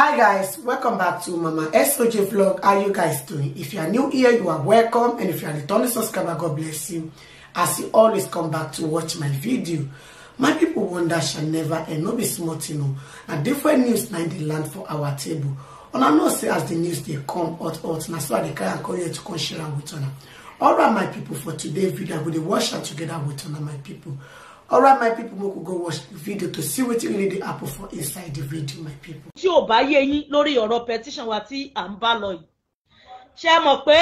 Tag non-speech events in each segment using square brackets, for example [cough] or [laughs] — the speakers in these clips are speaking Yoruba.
hi guys welcome back to mama soj vlog how you guys doing if you are new here you are welcome and if you are returning subscriber god bless you as you always come back to watch my video my people wonder shall never and no be smart, you know and different news now they land for our table and i know say as the news they come out out now so they can call you to come share with honor all right my people for today video i will watch out together with honor my people all right my people we could go watch the video to see what you really dey happen for inside the video my people. tí ò bá yé yín lórí ọ̀rọ̀ petition wa tí à ń bá lọ yìí ṣe mọ̀ pé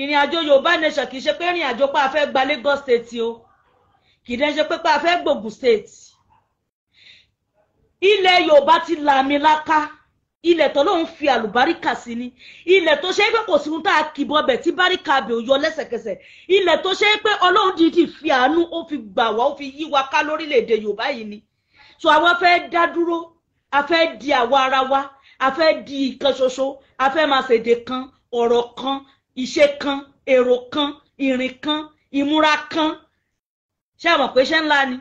ìrìn àjò yorùbá nation kì í ṣe pé ìrìn pa afẹ́ gba lagos state o kì í dẹ́ ṣe pa afẹ́ gbògùn state ilẹ̀ yorùbá ti làmì láká. La ilẹ̀ tó lóun fi àlùbáríkà sí ni ilẹ̀ tó ṣe é pé kò sí ohun tá a kì bọ́bẹ̀ tí báríkà bẹ̀ ò yọ lẹ́sẹ̀kẹsẹ̀ ilẹ̀ tó ṣe é pé ọlọ́run dídì fi àánú ó fi gbà wá ó fi yí wa ká lórílẹ̀‐èdè yorùbá yìí ni so àwọn fẹ́ dá dúró a fẹ́ di àwa ara wa a fẹ́ di ìkan ṣoṣo a fẹ́ máa ṣèdè kan ọ̀rọ̀ kan ìṣe kan èrò kan ìrìn kan ìmúra kan ṣé àwọn pé ṣe ńlá ni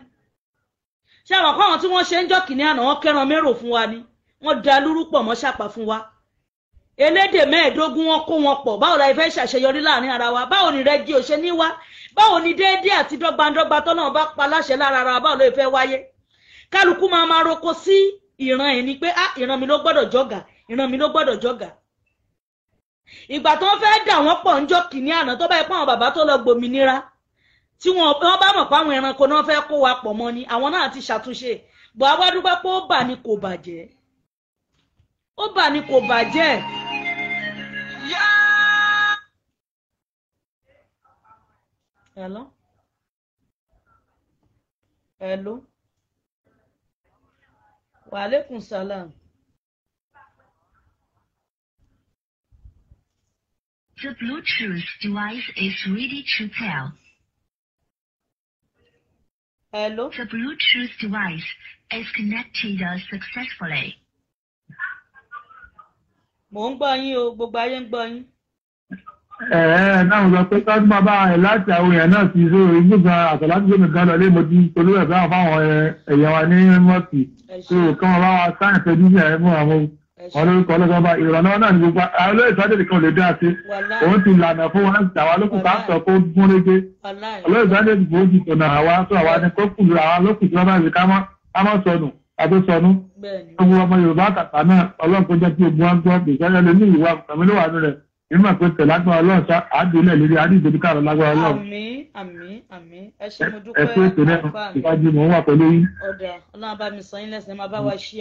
ṣé àwọn kọ́ àwọn tí wọ́n ṣe ń jọ́kìnní àná wọn kẹ́ran mérò fún wa ni wọ́n da lúrúpọ̀ mọ́ ṣàpà fún wa elédè mẹ́ẹ̀ẹ́dógún wọn kó wọn pọ̀ báwo la ìfẹ́ ṣàṣeyọrí láàrin ara wa báwo ni rẹ́díò ṣe ní wá báwo ni déédéé àti dọ́gbandọ́gba tọ́nà bá pa láṣẹ lára ara wa báwo ló ìfẹ́ wáyé kálukú máa máa roko sí ìran ẹ̀ pé ah ìran mi ló gbọ́dọ̀ jọ̀gà ìran mi ló gbọ́dọ̀ jọ̀gà ìgbà tó ń fẹ́ dà wọ́n pọ̀ ń jọ kìíní àná tó bá yẹ pé àwọn bàbá tó lọ gbòmìnira tí wọ́n bá mọ̀ pé ẹranko náà fẹ́ kó wa pọ̀ mọ́ ni àwọn náà ti ṣàtúnṣe bọ̀ àwa dúpẹ́ pé ó bà ní kò bàjẹ́ ó bà ní kò bàjẹ́. Hello? Hello? salam. The Bluetooth device is ready to pair. Hello? The Bluetooth device is connected successfully mò ń gbọ́ yín o gbogbo ayé ń gbọ́ yín. ẹ ẹ náà mo sọ pé ká máa bá ẹ láti àwọn èèyàn náà ti so ìgbìgbà àtàlájú lómi gan lọlé mo ti tolú ẹ bá fáwọn èèyàn wa ní mọ́ọ̀tì tó kí wọ́n bá wa sáyẹn fẹ́ díjà ẹ mú àwọn olórúkọ ọlọ́gbọ́n bá ìrànlọ́wọ́ náà ní gbogbo àwọn ìsọdẹ̀lì kan lè dá sí òun ti lànà fún wọn àti àwọn olókùn ká sọ kó gún régé olóòsọdẹ̀lì kò jì tọ̀nà àwa tó àwa ni kó kùlù àwọn olókùn tí wọ́n bá yẹ ká mọ́ sọnù adéṣọnú gbogbo ọmọ yorùbá àtàtà náà ọlọ́run kó jẹ́ kí ogun wa ń gbọ́ ìṣẹ́yẹ lè ní ìwà tàmí ló wà nù rẹ̀ nínú àpò tẹ̀ lágbára ọlọ́run ṣá àádìílẹ̀ lórí àdìgbòdì káàrọ̀ lágbára ọlọ́run. àmín àmín àmín ẹ ṣé mo dúpẹ́ àbá mi ẹ pé ètò náà ìwájú mò ń wà pẹ̀lú yín. ọ̀dà ọlọ́run bá mi sọ yín lẹ́sìn máa bá wa ṣí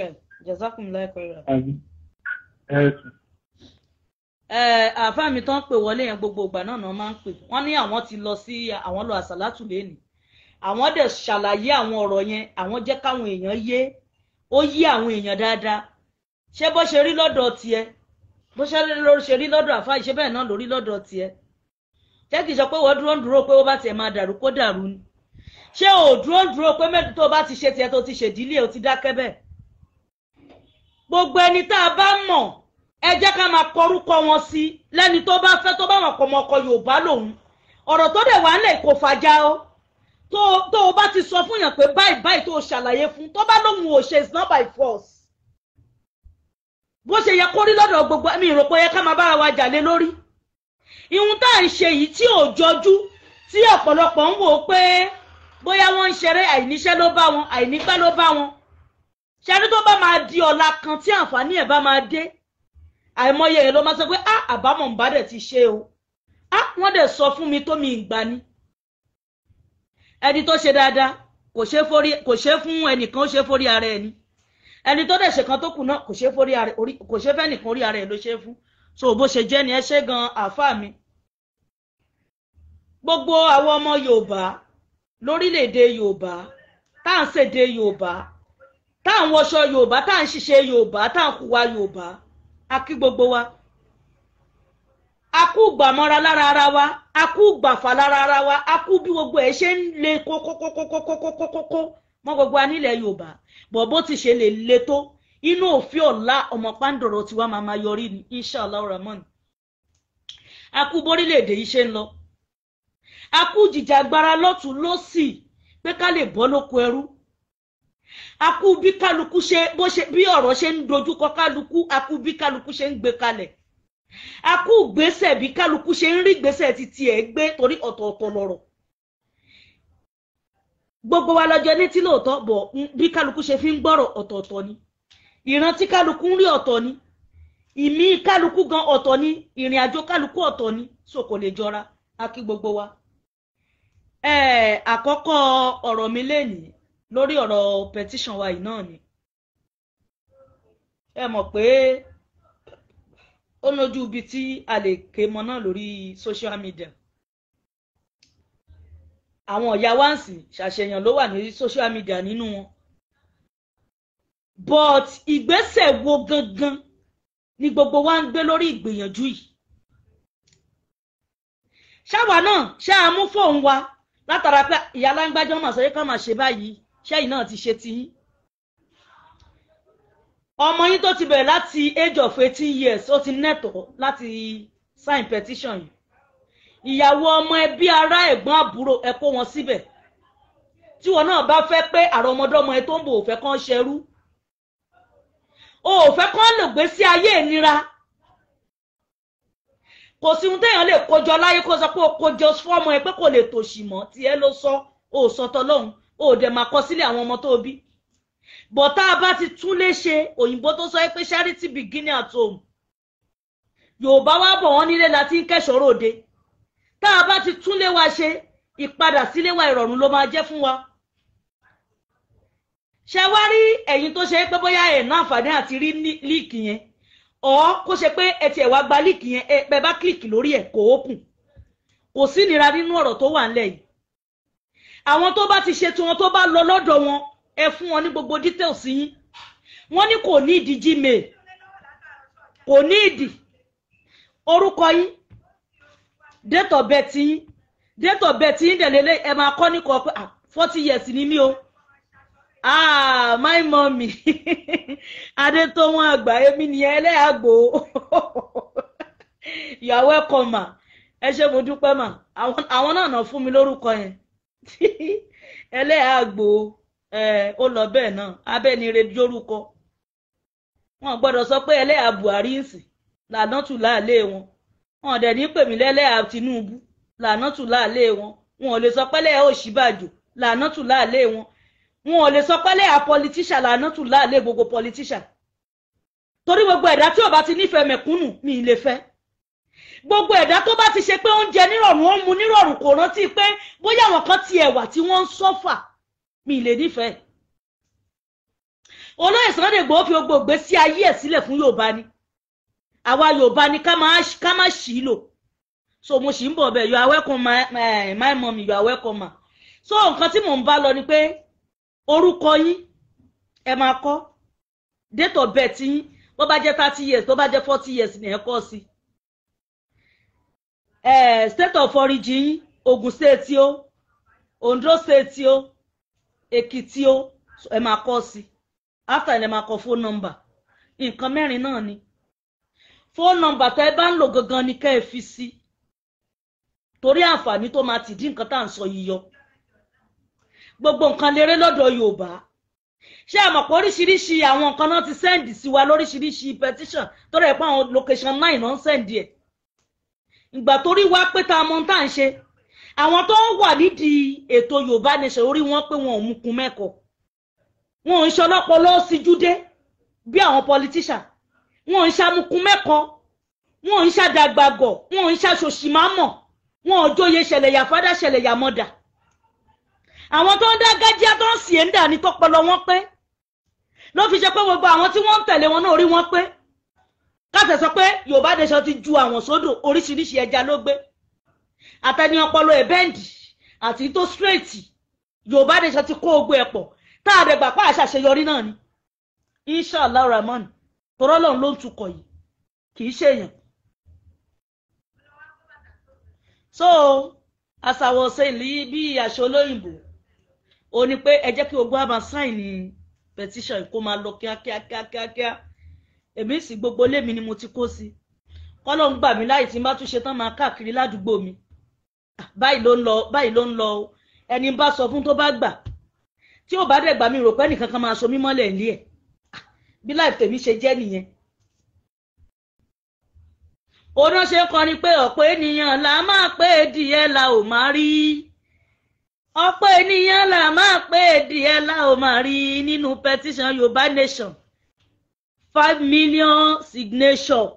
mm. ẹ̀ àwọn dẹ̀ ṣàlàyé àwọn ọ̀rọ̀ yẹn àwọn jẹ́ káwọn èèyàn yé ó yí àwọn èèyàn dáadáa ṣé bó ṣe rí lọ́dọ̀ tiẹ̀ bó ṣe rí lọ́dọ̀ àfáà ṣé bẹ́ẹ̀ náà ló rí lọ́dọ̀ tiẹ̀ jẹ́ kìí sọ pé wọ́n dúró ń dúró pé ó bá tiẹ̀ máa dàrú kó dàrú ni ṣé ò dúró ń dúró pé mẹ́tò tó bá ti ṣe tiẹ̀ tó ti ṣèdílé ó ti dákẹ́ bẹ́ẹ̀ gbogbo ẹni tá a bá mọ̀ ẹ jẹ́ ká máa kọrúkọ wọn sí lẹ́ni tó bá fẹ́ tó bá wọn kọ̀ mọ́ ọkọ Yorùbá lòun ọ̀rọ̀ tó dẹ̀ wá ń lè kó fàjà o tó tó o bá ti sọ fún yàn pé báyìí báyìí tó o ṣàlàyé fún tó bá lóun ò ṣe is not by force bó ṣe yẹ kó rí lọ́dọ̀ gbogbo mi rò pé yẹ ká máa bára wa jà lé lórí ìhun tá à ń ṣe yìí tí ò jọjú tí ọ̀pọ̀lọpọ̀ ń wò ó pé bóyá wọ́n ń ṣeré àìníṣẹ́ ló bá wọn àìnígbá ló bá wọn ṣẹ́ni tó bá máa di ọ̀la kan tí àǹfààní ẹ̀ bá máa dé àìmọye ẹ̀ ló máa sọ pé ah àbámọ̀ ń bá dẹ̀ ti ṣe o ah wọ́n dẹ̀ sọ fún mi tó mi ìgbà ẹni tó ṣe dáadáa kò ṣe fún ẹnìkan ó ṣe fórí ara ẹni ẹni tó dẹ̀ ṣe kan tó kù náà kò ṣe fórí ara kò ṣe fẹ́nìkan orí ara ẹ̀ ló ṣe fún so bó ṣe jẹ́ ni ẹ ṣe gan àáfàá mi gbogbo àwọn ọmọ Yorùbá lórílẹ̀‐èdè Yorùbá tá à ń ṣèdè Yorùbá tá à ń wọṣọ Yorùbá tá à ń ṣiṣẹ́ Yorùbá tá à ń hùwà Yorùbá a kí gbogbo wa a kú gbàmọ́ra lára ara wa a kú gbàfà lára ara wa a kú bí gbogbo ẹ̀ ṣe ń le kókókókókókókókó mọ́ gbogbo anílẹ̀ yorùbá bọ̀ bó ti ṣe lè le tó inú òfin ọ̀la ọmọ pàǹdọ̀rọ̀ tiwa máa ma yọrí ni inshallah rahman a kú bórílẹ̀-èdè yìí ṣe ń lọ a kú jìjàgbara lọ́tún lọ́sì pé ká lè bọ́ lóko ẹrú a bí kálukú ṣe bí ọ̀rọ̀ ṣe ń dojúkọ kálukú a bí kálukú ṣe ń gbé kalẹ̀ a kú gbèsè bí kálukú ṣe ń rí gbèsè ti tiẹ̀ gbé torí ọ̀tọ̀ọ̀tọ̀ lọ̀rọ̀ gbogbo wa lọ́jọ́ ní tí lóòótọ́ bọ̀ bí kálukú ṣe fi ń gbọ́rọ̀ ọ̀tọ̀ọ̀tọ̀ ni ìran tí kálukú ń rí ọ̀tọ̀ ni ìmí kálukú gan ọ̀tọ̀ ni ìrìn àjò kálukú ọ̀tọ̀ ni so kò lè jọra a kí gbogbo wa. àkọ́kọ́ ọ̀rọ̀ mi lénìí lórí ọ̀rọ̀ petition wa yìí náà ni ẹ mọ̀ pé ó lójú ibi tí a lè ké mọ náà lórí social media àwọn ọ̀yà wáǹsì ṣàṣeyàn ló wà ní social media nínú wọn but ìgbésẹ̀ wo gangan ni gbogbo wa ń gbé lórí ìgbìyànjú yìí ṣáwa náà ṣé a mú fóun wa látara pé ìyá alágbájọ́ mọ̀ sọ́yẹ́ ká máa ṣe báyìí ṣẹ́yìn náà ti ṣe tiyín ọmọ yín tó ti bẹ̀rẹ̀ láti age of eighteen years ó ti nẹ́tọ̀ọ́ láti sign petition yìí ìyàwó ọmọ ẹbí ará ẹ̀gbọ́n àbúrò ẹ kó wọn síbẹ̀ tí wọn náà bá fẹ́ pé àrò ọmọdọ́mọ ẹ tó ń bò ò fẹ́ kán ṣẹrú o ò fẹ́ kán lè gbé sí ayé ìnira kò sí ohun téèyàn lè kójọ láyé kó sọ pé o kójọ fọ́mọ ẹ pé kò lè tòṣì mọ́ tiẹ̀ ló sọ o sọ tọlọ́hun o dẹ̀ máa kọ sílẹ̀ àwọn ọmọ tó bí bọ̀ tá a bá ti tún lè ṣe òyìnbó tó sọ pé charity begin at home yorùbá wa bọ̀ wọ́n nílé la ti ń kẹ́sọ̀rọ̀ òde tá a bá ti tún lé wa ṣe ìpadà sílé wa ìrọ̀rùn ló máa jẹ́ fún wa ṣe wá rí ẹ̀yin tó ṣe pé bóyá ẹ̀ náà àǹfààní àti rí líìkì yẹn ọ̀ kó ṣe pé ẹ tiẹ̀ wá gba líìkì yẹn ẹ pẹ́ bá kílìkì lórí ẹ̀ kó open kò sí ìnira nínú ọ̀rọ̀ tó wà ńlẹ̀ yìí àwọn tó bá ti ṣe tiwọn tó bá lọ lọ́dọ̀ wọn ẹ fún wọn ní gbogbo details yín wọ́n ní kò ní ìdí gmail kò ní ìdí orúkọ yín date of birth yín date of birth yín dẹ̀lẹ́lẹ́ ẹ máa kọ́ ní kọ́ forty years ni mí o ah my mummy [laughs] adétọ́wọ́n àgbà èmi nìyẹn ẹlẹ́àgbò [laughs] you are welcome ma ẹ ṣé mo dúpẹ́ ma àwọn náà nà fún mi lórúkọ yẹn [laughs] ẹlẹ́àgbò ó lọ bẹ́ẹ̀ náà abẹ́nire jórúkọ wọn gbọ́dọ̀ sọ pé ẹlẹ́yà Buhari ń sìn lànà tù láàlé wọn wọn dẹ̀ ní pèmí lẹ́lẹ́yà Tinubu lànà tù láàlé wọn wọn ò lè sọ pé lẹ́yà Òṣìbàjò lànà tù láàlé wọn wọn ò lè sọ pé lẹ́yà politician lànà tù láàlé gbogbo politician torí gbogbo ẹ̀dá tí ò bá ti nífẹ̀ẹ́ mẹ̀kúnnù mi ì lè fẹ́ gbogbo ẹ̀dá tó bá ti ṣe pé oúnjẹ nírọ̀rùn ó mu nírọ̀rùn kò rántí pé bóyá àwọn kan ti ẹ̀wà tí wọ́n ń sọ́fà mi lè nífẹ̀ẹ́ olóyè Sunday Igboho fi gbogbo ìgbésí ayé ẹ̀ sílẹ̀ fún Yorùbá ni àwa Yorùbá ni ká má lò so mo si ń bọ̀ bẹ́ẹ̀ you are welcome my, eh, my, my you are welcome ma so nkan tí mo ń bá lọ ni pé orúkọ máa kọ́ date of birth yín bá jẹ́ years tó bá jẹ́ years ni eh, o Ondo state èkìtì o ẹ máa kọ sí after ẹ máa kọ phone number nǹkan mẹ́rin náà ni phone number tẹ́ ẹ bá ń lò gangan ni kẹ́ ẹ fi sí torí àǹfààní tó máa ti dín nǹkan tá à ń sọ yìí yọ gbogbo nǹkan lérè lọ́dọ̀ Yorùbá ṣé ẹ pé oríṣiríṣi àwọn nǹkan náà ti sẹ́ǹdì sí wa lóríṣiríṣi petition tó rẹ̀ pé àwọn location nine náà ń sẹ́ǹdì ẹ̀ ìgbà torí wá pé ta mọ̀ tá à ń ṣe àwọn tó ń wà nídìí ètò Yorùbá nation orí wọn pé wọn ò mukun mẹ́kọ̀ọ́ wọn ò ń ṣọlọ́pọ̀ lọ síjú dé bí àwọn politician wọn ò ń ṣamukun mẹ́kọ̀ọ́ wọn ò ń ṣàdàgbàgọ̀ wọn ò ń ṣàṣòṣìmámọ̀ wọn ò jóye ṣẹlẹ̀yà fádà ṣẹlẹ̀yà mọ̀dà àwọn tó ń dá gájíá tó ń sì ń dà ní tọpọlọ wọn pé ló fi ṣe pé gbogbo àwọn tí wọ́n ń tẹ̀lé wọn náà orí wọn pé káṣẹ̀ sọ pé Yorùbá nation ti ju àwọn sódò oríṣiríṣi ẹja ló gbé àtẹni ọpọlọ ẹ̀ bẹ́ǹdì àti tó straight yorùbá nation ti kó ogbó ẹ̀ pọ̀ tá a dẹ̀gbà pa àṣà àṣeyọrí náà ni inshallah rahman tọrọ lọ́run ló ń tukọ̀ yìí kì í ṣèyàn. so àṣàwọ̀ ṣèlú bí àṣọ olóyìnbó ó ní pé ẹ jẹ́ kí gbogbo àmà sáìnì petition kó máa lọ kíákíá kíákíá èmi sì gbogbo lémi ni mo ti kó sí kọ́lọ́ ń gbà mí láì tí n bá tún ṣe tán máa káàkiri ládùúgbò mi báyìí ló ń lọ báyìí ló ń lọ o ẹni bá sọ fún tó bá gbà tí ò bá dẹ̀ gbà mí rò pé ẹnìkan kan máa so mí mọ́lẹ̀ nílé ẹ̀ bí life tèmi ṣe jẹ́ nìyẹn. oná kọrin pé ọ̀pọ̀ ènìyàn là máa pé díẹ̀ la ò máa rí ọ̀pọ̀ ènìyàn là máa pé díẹ̀ la ò máa rí nínú petition Yorùbá Nation five million signature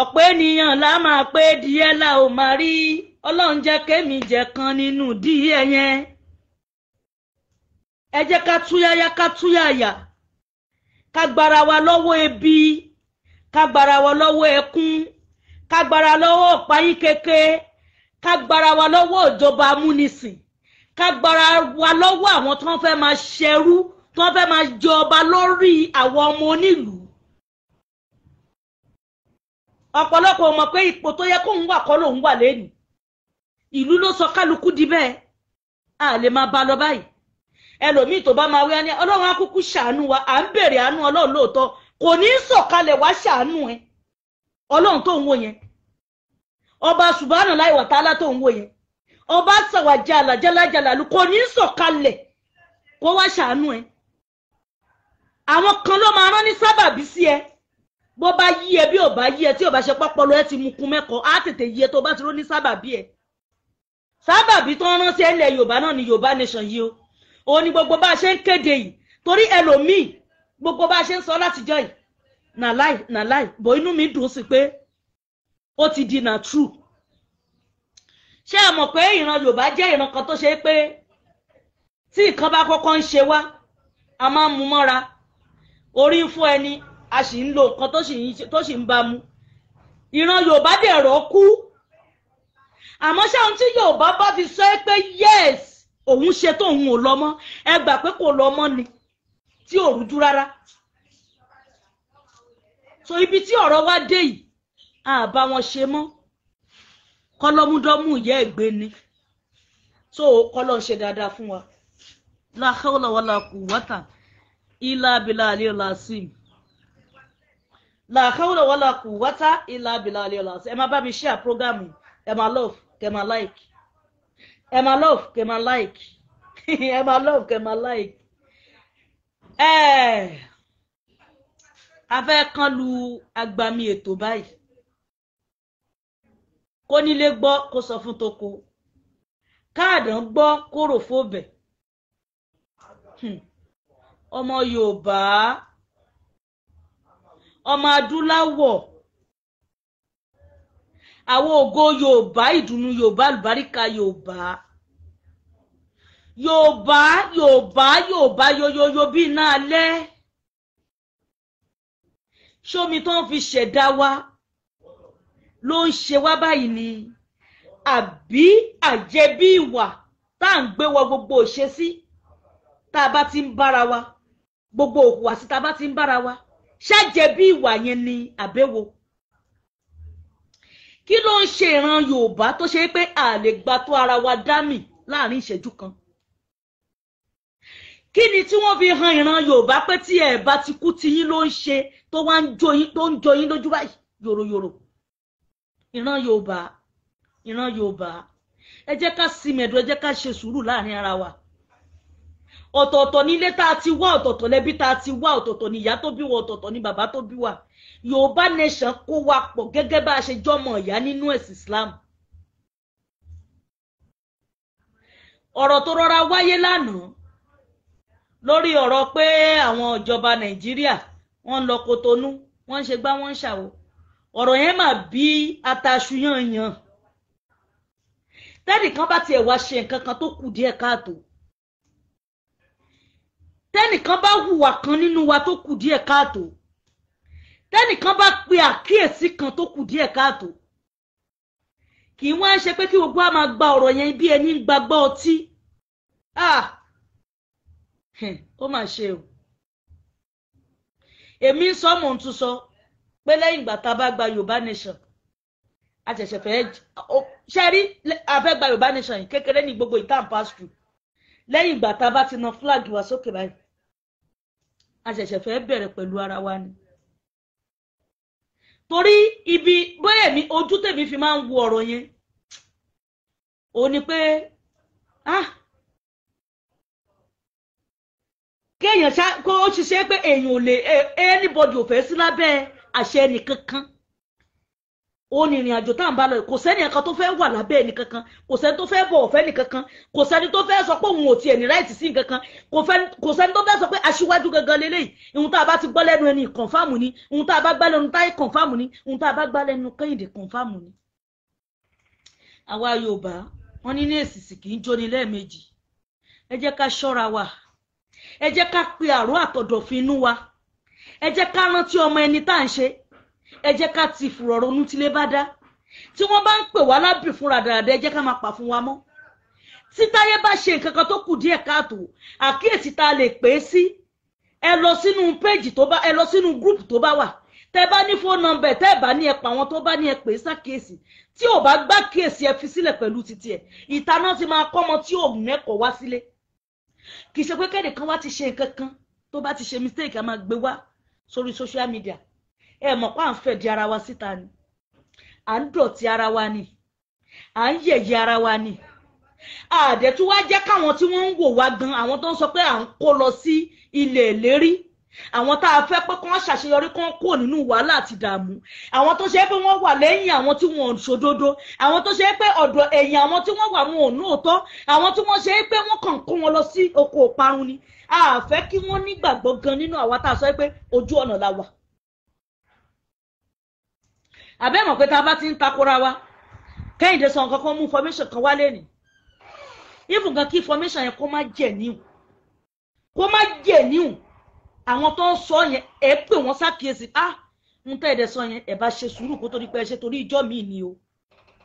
ọ̀pọ̀ ènìyàn la máa pé díẹ̀ la ò máa rí ọlọ́run jẹ́ kémi jẹ́ kan nínú díẹ̀ yẹn ẹ jẹ́ ká túyáyá ká túyàyà ká gbára wa lọ́wọ́ ebi ká gbára wa lọ́wọ́ ẹkún ká gbára lọ́wọ́ ọ̀páyín keke ká gbára wa lọ́wọ́ ìjọba amúnisìn ká gbára wa lọ́wọ́ àwọn tó ń fẹ́ máa ṣẹrú tó ń fẹ́ máa jọba lórí àwọn ọmọ onílùú ọ̀pọ̀lọpọ̀ ọmọ pé ipò tó yẹ kóun wà kọ́ lòun wà lẹ́nu ìlú ló sọ kálukú di bẹ́ẹ̀ a lè máa bá lọ báyìí ẹlòmíì tó bá máa wí ẹni wa à ń bèrè àánú ọlọ́run lóòótọ́ ní í sọ̀kalẹ̀ wá ṣàánú ẹ ọlọ́run tó ọba láì wà tálá ọba kò ní í sọ̀kalẹ̀ kó wá ṣàánú ẹ àwọn kan ló máa rán bó bá yí ẹ bí ò bá yí ẹ tí ò bá ṣe pọpọlọ ẹ ti mú kun mẹkọ á tètè yí ẹ tó bá ti ró ní sábàbí ẹ sábàbí tó ń rán sí ẹlẹ yorùbá náà ni yorùbá nation yìí o òun ni gbogbo bá a ṣe ń kéde yìí torí ẹlòmíì gbogbo bá a ṣe ń sọ látijọ́ yìí nà láì nà láì bò inú mi dùn sí pé ó ti di nà true ṣé ẹ mọ̀ pé ìran yorùbá jẹ́ ìran kan tó ṣe é pé tí nǹkan bá kọ́kọ́ ń ṣe wá a máa ń mú mọ́ra orí ń fún ẹni a sì ń lo nǹkan tó sì ń bá mu ìran yorùbá dẹ̀rọ kú àmọ́ ṣé ohun tí yorùbá bá fi sọ ẹ́ pé yes òun ṣe tó òun ò lọ mọ́ ẹ gbà pé kò lọ mọ́ ni tí ò rújú rárá so ibi tí ọ̀rọ̀ wá dé yìí a bá wọn ṣe mọ́ kọlọ́múdọ́mù ìyá ẹ̀gbẹ́ ni so kọlọ́ ń ṣe dáadáa fún wa la hawla wala quwwata illa billahi al làkàwùlà wàlà kù wátá ìlà bìlà àlèlà ẹ máa bá mi ṣíà prógámù ẹ máa love kẹ máa like ẹ máa love kẹ máa like [laughs] ẹ máa love kẹ máa like ẹ eh, a fẹ́ kán lu agbami ètò báyìí kó nílé gbọ́ kó sọ fún toko káàdán gbọ́ kóró fóbẹ̀ hmm. ọmọ yorùbá ọmọ adúláwọ̀ àwọn ògo yorùbá ìdùnnú yorùbá àlùbáríkà yorùbá yorùbá yorùbá yorùbá yoyoyo bíi iná alẹ́ ṣómi tó ń fi ṣẹ̀dá wa ló ń ṣe wá báyìí ni àbí àjẹbí ìwà tá à ń gbé wọ gbogbo òṣèṣí tá a bá ti ń bára wa gbogbo òhùwàsí tá a bá ti ń bára wa ṣàjẹbí ìwà yẹn ni àbẹ́wò kí ló ń ṣe ìran Yorùbá tó ṣe pé a lè gba tó ara wa dámì láàrin ìṣẹ́jú kan kí ni tí wọ́n fi han ìran Yorùbá pé tí ẹ̀ bá ti kú tiyín ló ń ṣe tó wá ń joyin tó ń joyin lójú báyìí yòròyòrò ìran Yorùbá ìran Yorùbá ẹ jẹ́ ká sinmi ẹ jẹ́ ká ṣe sùúrù láàrin ara wa ọ̀tọ̀ọ̀tọ̀ nílé tá a ti wá ọ̀tọ̀ọ̀tọ̀ lẹ́bí tá a ti wá ọ̀tọ̀ọ̀tọ̀ ní ìyá tó bí wa ọ̀tọ̀ọ̀tọ̀ ní bàbá tó bí wa yorùbá nation kó wa pọ̀ gẹ́gẹ́ bá a ṣe jọmọ ìyá nínú ẹ̀sìn islam. ọ̀rọ̀ tó rọra wáyé lánàá lórí ọ̀rọ̀ pé àwọn ìjọba nàìjíríà wọ́n ń lọ Kotonu wọ́n ń ṣe gbá wọ́n ń ṣàwò ọ̀rọ̀ yẹn mà bí ataṣu yan yan tẹ́nìkan bá tiẹ̀ wá ṣe nǹkan kan tó kù díẹ̀ káàtó tẹ́nìkan bá hùwà kan nínú wa tó kù díẹ̀ káàtó tẹ́nìkan bá pe àkíyèsí kan tó kù díẹ̀ káàtó kì í wá ń ṣe pé kí gbogbo a máa gba ọ̀rọ̀ yẹn bí ẹni ń gbagbọ́ ọtí ah! ó mà ṣe o èmi ń sọ mò ń tún sọ pé lẹ́yìn ìgbà tá a bá gba Yorùbá nation a ṣẹ̀ṣẹ̀ fẹ́ ṣe rí abẹ́gba Yorùbá nation yìí kékeré ní gbogbo ìtàn pass through lẹ́yìn ìgbà tá a bá ti na flag wa sókè báyìí a ṣẹ̀ṣẹ̀ fẹ́ bẹ̀rẹ̀ pẹ̀lú ara wa ni torí ibi bóyá mi ojú tèmi fi máa ń wo ọ̀rọ̀ yẹn ò ni pé ah kéèyàn ṣá kó ṣiṣẹ́ pé èèyàn ò lè eh, anybody ò fẹ́ sí lábẹ́ àṣẹ kankan ó ní ìrìn àjò tá à ń bá lọ kò sẹ́ni ẹ̀kan tó fẹ́ wà lábẹ́ ẹni kankan kò sẹ́ni tó fẹ́ bọ̀ ọ̀fẹ́ ní kankan kò sẹ́ni tó fẹ́ sọ pé òun ò tiẹ̀ ní ráìtì sí kankan kò sẹ́ni tó fẹ́ sọ pé aṣíwájú gangan lélẹ́yìí ohun tá a bá ti gbọ́ lẹ́nu ẹni kọ̀ǹfàmù ni ohun tá a bá gbá lẹ́nu táyé kọ̀ǹfàmù ni ohun tá a bá gbá lẹ́nu kẹ́hìndé kọ̀ǹfàmù ni. àwa Yorùbá wọn ní ní èsìsì ẹ jẹ́ wa ẹ jẹ́ ká pe àrò àtọ̀dọ̀fin inú wa ẹ ká rántí ọmọ ẹni tá à ń ṣe ẹ jẹ́ ká ti fùrọ̀ ronú tílé bá dá tí wọ́n bá ń pè wá lábì fúnra dáadáa ẹ jẹ́ ká máa pa fún wa mọ́ tí táyé bá ṣe nǹkan kan tó kù díẹ̀ káàtó àkíyèsí tá a lè pè é sí ẹ lọ sínú péjì tó bá ẹ lọ sínú gúrùpù tó bá wà tẹ bá ní fóònù nọmbẹ tẹ bá ní ẹ pa àwọn tó bá ní ẹ pè é sàkíyèsí tí ò bá gbá kíyèsí ẹ fi sílẹ̀ pẹ̀lú títí ẹ ìtaná ti máa kọ́mọ tí ò mẹ́kọ̀ọ́ wá sílé kì í ṣe pé kẹ́nìkan wá ti ṣe nǹkan kan tó bá ti ṣe mistake a máa gbé wá sórí social media ẹ mọ̀ pé à ń fẹ̀dí ara wa síta ni à ń dọ̀tí ara wa ni à ń yẹ̀yẹ́ ara wa ni àdẹ̀tú wá jẹ́ káwọn tí wọ́n ń wò wá gan àwọn tó ń sọ pé à ń kó lọ sí ilẹ̀ ìlérí àwọn tá a fẹ́ pé kán ṣàṣeyọrí kán kò nínú wàhálà àti ìdààmú àwọn tó ṣe pé wọ́n wà lẹ́yìn àwọn tí wọ́n ṣòdodo àwọn tó ṣe pé ọ̀dọ̀ ẹ̀yìn àwọn tí wọ́n wà wọn ò òótọ́ àwọn tí wọ́n ṣe pé wọ́n kàn kó wọn lọ sí oko ìparun ni a fẹ́ kí wọ́n nígbàgbọ́ gan nínú àwa tá a sọ pé ojú ọ̀nà la wà àbẹ́ mọ̀ pé tá a bá ti ń takora wa kẹ́hìndé sọ nǹkan kan mú information kan wálé ni even gan kí information yẹn kó má jẹ̀ níhùn kó má jẹ̀ níhùn àwọn tó ń sọ yẹn ẹ pè wọ́n ṣàkíyèsí ah ń tẹ́ ẹ̀dẹ̀ sọ yẹn ẹ̀ bá ṣe sùúrù kó torí pé ẹ ṣe torí ìjọ míì ni o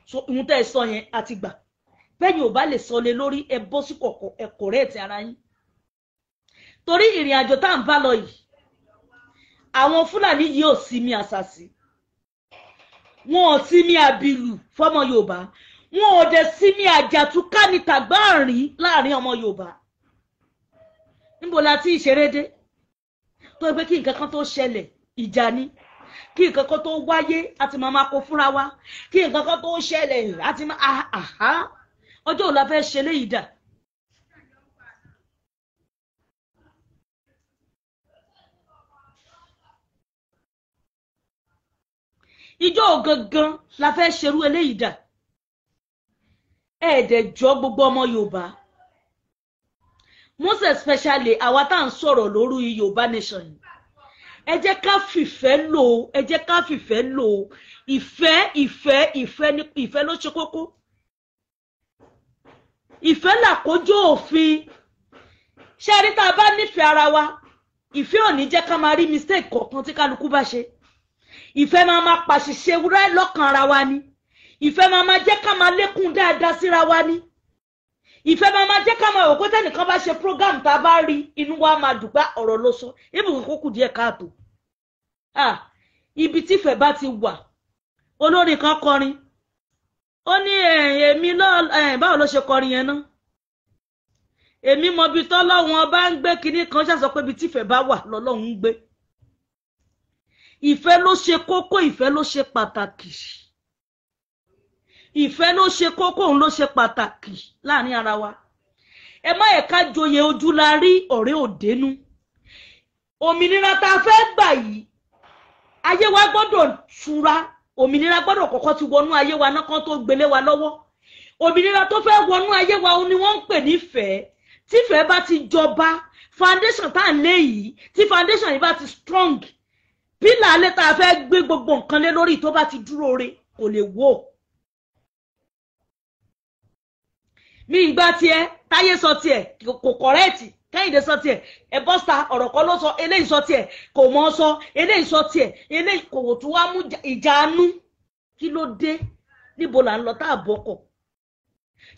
so ń tẹ́ ẹ sọ yẹn àti gbà bẹ́ẹ̀ni ò bá lè sọ lé lórí ẹ bọ́ sí kọ̀kọ̀ ẹ kọ̀rẹ́ẹ̀tì ara yín torí ìrìn àjò tá à ń bá lọ yìí àwọn fúlàní yìí ò sí àṣàṣì wọn ò sí mi àbìlù fọmọ yorùbá wọn ò dẹ̀ sí mi àjàtúká ní tàgbáàrín láàrin ọmọ yorùbá níbo la ti ìṣeré dé tó pé kí nǹkan kan tó ṣẹlẹ̀ ìjà ni kí nǹkan kan tó wáyé àti máa máa kó fúnra wa kí nǹkan kan tó ṣẹlẹ̀ àti máa ọjọ́ òun fẹ́ ṣe léyìí dà ìjọ gangan la fẹ́ ṣerú eléyìí dà ẹ̀ẹ́dẹ̀jọ́ gbogbo ọmọ Yorùbá most especially àwa tá à ń sọ̀rọ̀ lórí Yorùbá nation yìí ẹ jẹ́ ká fìfẹ́ lò ó ẹ jẹ́ ká fìfẹ́ lò ó ìfẹ́ ìfẹ́ ìfẹ́ ìfẹ́ ló ṣe kókó ìfẹ́ làkójọ òfin ṣé rí tá a bá nífẹ̀ẹ́ ara wa ìfẹ́ ò jẹ́ ká máa rí mistake kọ̀ọ̀kan tí kálukú bá ṣe ìfẹ́ máa ma pàṣìṣe wúrẹ́ lọ́kàn ara wa ni ìfẹ́ máa ma jẹ́ ká máa lékún dáadáa síra wa ni ìfẹ́ máa ma jẹ́ ká máa òkú tẹ́nìkan bá ṣe program tá a bá rí inú wa máa dùgbà ah, ọ̀rọ̀ ló sọ ibùkún kó kù díẹ̀ káàtó ah, ibi tífẹ̀ bá ti wà olórin kan kọrin ó ní èmi náà báwo ló ṣe kọrin yẹn náà èmi mọ ibi tọ́lọ́wọ́n bá ń gbé kinní kan ṣàṣọ pé ibi tífẹ̀ bá wà lọ́lọ́run ń gbé ìfẹ́ ló ṣe kókó ìfẹ́ ló ṣe pàtàkì ìfẹ́ ló ṣe kókó òun ló ṣe pàtàkì láàrin ara wa ẹ má yẹ ká joyè ojú la rí ọ̀rẹ́ òdenu òmìnira tá a fẹ́ gbà yìí ayé wa gbọ́dọ̀ tura òmìnira gbọ́dọ̀ kọ́kọ́ ti wọnú ayé wa náà kán tó gbélé wa lọ́wọ́ òmìnira tó fẹ́ wọnú ayé wa ni wọ́n ń pè nífẹ̀ẹ́ tífẹ̀ẹ́ bá ti jọba foundation tá à ń lé yìí tí foundation yìí bá ti strong pílà alẹ́ tá a fẹ́ gbé gbogbo nǹkan lé lórí tó bá ti dúró re kò lè wò. mi ìgbà tiẹ̀ táyé sọ tiẹ̀ kò kọ̀rẹ́ẹ̀tì kẹ́hìndé sọ tiẹ̀ ẹ̀bọ́sà ọ̀rọ̀ kan ló sọ eléyìí sọ tiẹ̀ kò mọ̀ ọ́ sọ eléyìí sọ tiẹ̀ eléyìí kò wò tún wá mú ìjànú kí ló dé níbo là ń lọ tá a bọ̀ kọ̀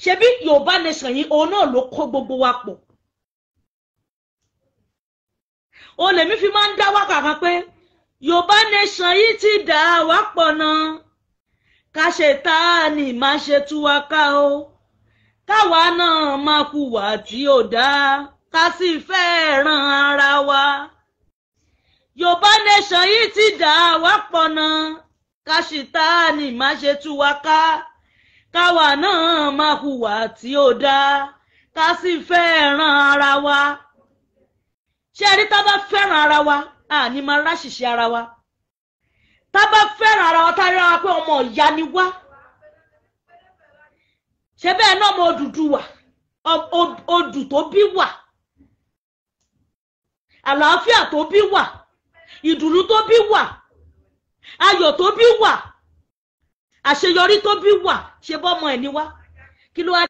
ṣebí yorùbá nation yìí òun náà ló kó gbogbo wa pọ̀ òun fi máa ń dá wákàtí pé yorùbá nation yìí ti dà wá pọ̀ náà ká ṣe tá a ní máa ṣe tú wa ká o káwa náà máa hùwà tí ò dáa ká sì fẹ́ràn ara wa yorùbá nation yìí ti dà wá pọ̀ náà ká ṣe tá a máa ṣe tú wa ká káwa náà máa hùwà tí ò dáa ká sì fẹ́ràn ara wa ṣé ẹ tá bá fẹ́ràn ara wa àní máa ráṣìṣe ara wa tá a bá fẹ́ràn ara wa tá a rí ara pé ọmọ ìyá ni wá ṣe bẹ́ẹ̀ náà ọmọ Odùduwà odù tó bí wà àlàáfíà tó bí wà ìdùnnú tó bí wà ayọ̀ tó bí wà àṣeyọrí tó bí wà ṣe bọ́mọ ẹ̀ ni wá kí ló wá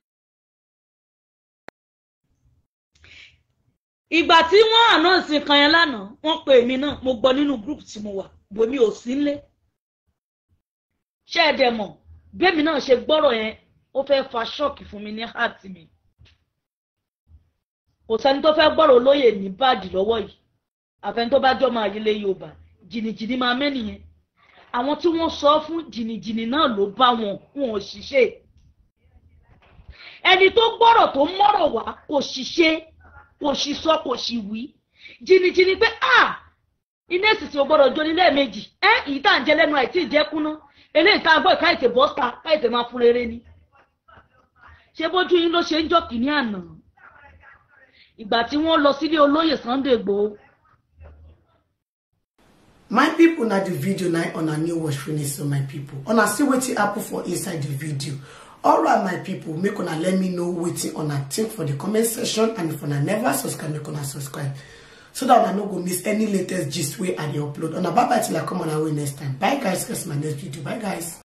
ìgbà tí wọ́n ànáǹsì kan yẹn lánàá wọ́n pe èmi náà mo gbọ́ nínú group tí mo wà bòmí ò sí nlé ṣé ẹ dẹ̀ mọ̀ bẹ́ẹ̀mi náà ṣe gbọ́rọ̀ yẹn ó fẹ́ fa ṣọ́ọ̀kì fún mi ní heart mi kò sẹ́ni tó fẹ́ gbọ́rọ̀ olóyè ní báàdì lọ́wọ́ yìí àfẹni tó bá jọ máa yílé Yorùbá jìnnìjìnnì máa mẹ́nìyẹn àwọn tí wọ́n sọ fún jìnnìjìnnì náà ló bá wọn wọn ò ṣiṣẹ́ ẹni tó gbọ́rọ̀ tó mọ́rọ̀ wá kò ṣiṣẹ́ kò sì sọ kò sì wí jìnnìjìnnì pé ah iná èsìsì ò gbọdọ̀ jó lẹ́ẹ̀mejì ẹ ìyí tá à ń jẹ lẹ́nu àìtí ìjẹkúná eléyìí tá a gbọ́ ìkáyìtì bọ́sà káyìtì máa fún rere ni ṣé bójú yín ló ṣe ń jọ kìíní àná ìgbà tí wọ́n lọ sílé olóyè Sunday Igboho. my people. na di video na una new watch finish so my pipo una see wetin happen for inside the video all right my people. make una let me know wetin una think for the comment section and if una never subscribe make una subscribe so dat una no go miss any latest gist wey i dey upload una bye bye till i come on our way next time bye guys catch my next video bye guys